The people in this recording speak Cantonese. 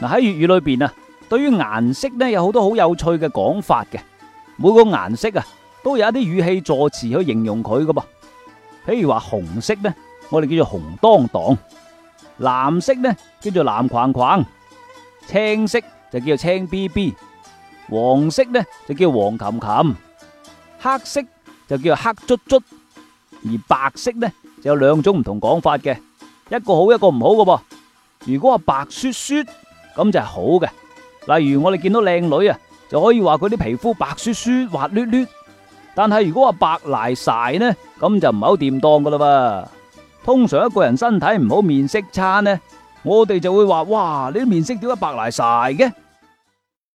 嗱，喺粵語裏邊啊，對於顏色呢，有好多好有趣嘅講法嘅，每個顏色啊，都有一啲語氣助詞去形容佢噶噃。譬如話紅色呢，我哋叫做紅當當；藍色呢叫做藍框框；青色就叫做青 BB；黃色呢就叫黃琴琴；黑色就叫做黑卒卒；而白色呢就有兩種唔同講法嘅，一個好一個唔好噶噃。如果話白雪雪。咁就係好嘅，例如我哋見到靚女啊，就可以話佢啲皮膚白雪雪滑捋捋，但係如果話白賴晒呢，咁就唔係好掂當噶啦噃。通常一個人身體唔好、面色差呢，我哋就會話：哇，你啲面色點解白賴晒嘅？